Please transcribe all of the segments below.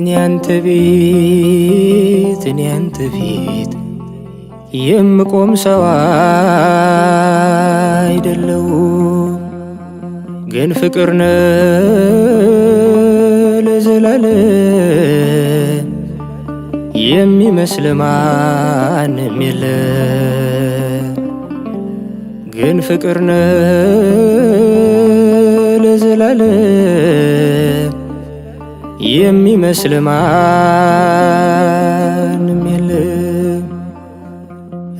እኔ አንተ ቤት እኔ አንተ ፊት የምቆም ሰው አይደለው ግን ነ ለዘላለ የሚመስል ማንም የለ፣ ግን ፍቅርነ ለዘላለ የሚመስል ማንም የለም።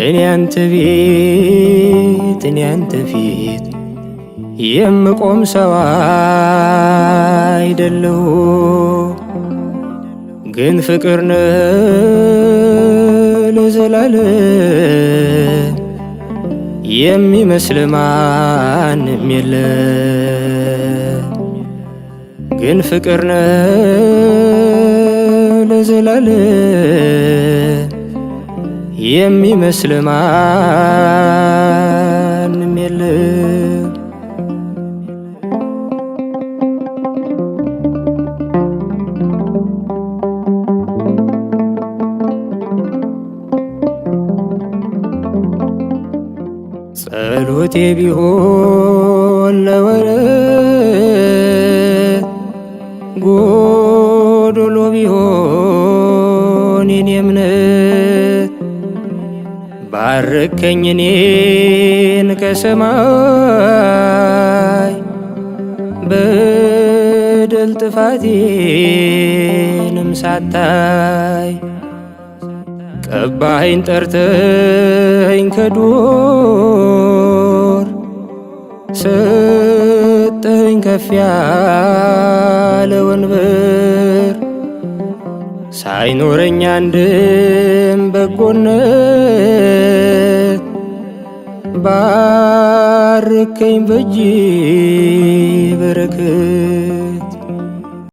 እኔ አንተ ቤት እኔ አንተ ፊት የምቆም ሰው አይደለሁ፣ ግን ፍቅር ነህ ለዘላለም የሚመስል ማንም የለም። ግን ፍቅር ነ ለዘላለ የሚመስል ማንም የለም። ጸሎቴ ቢሆን ለወረ ጎዶሎ ቢሆን የኔ እምነት ባርከኝ እኔን ከሰማይ በደል ጥፋቴንም ሳታይ ቀባኸኝ ጠርተኸኝ ከዱር ከፍ ያለ ወንበር ሳይኖረኝ አንድም በጎነት ባርከኝ በእጅ በረከት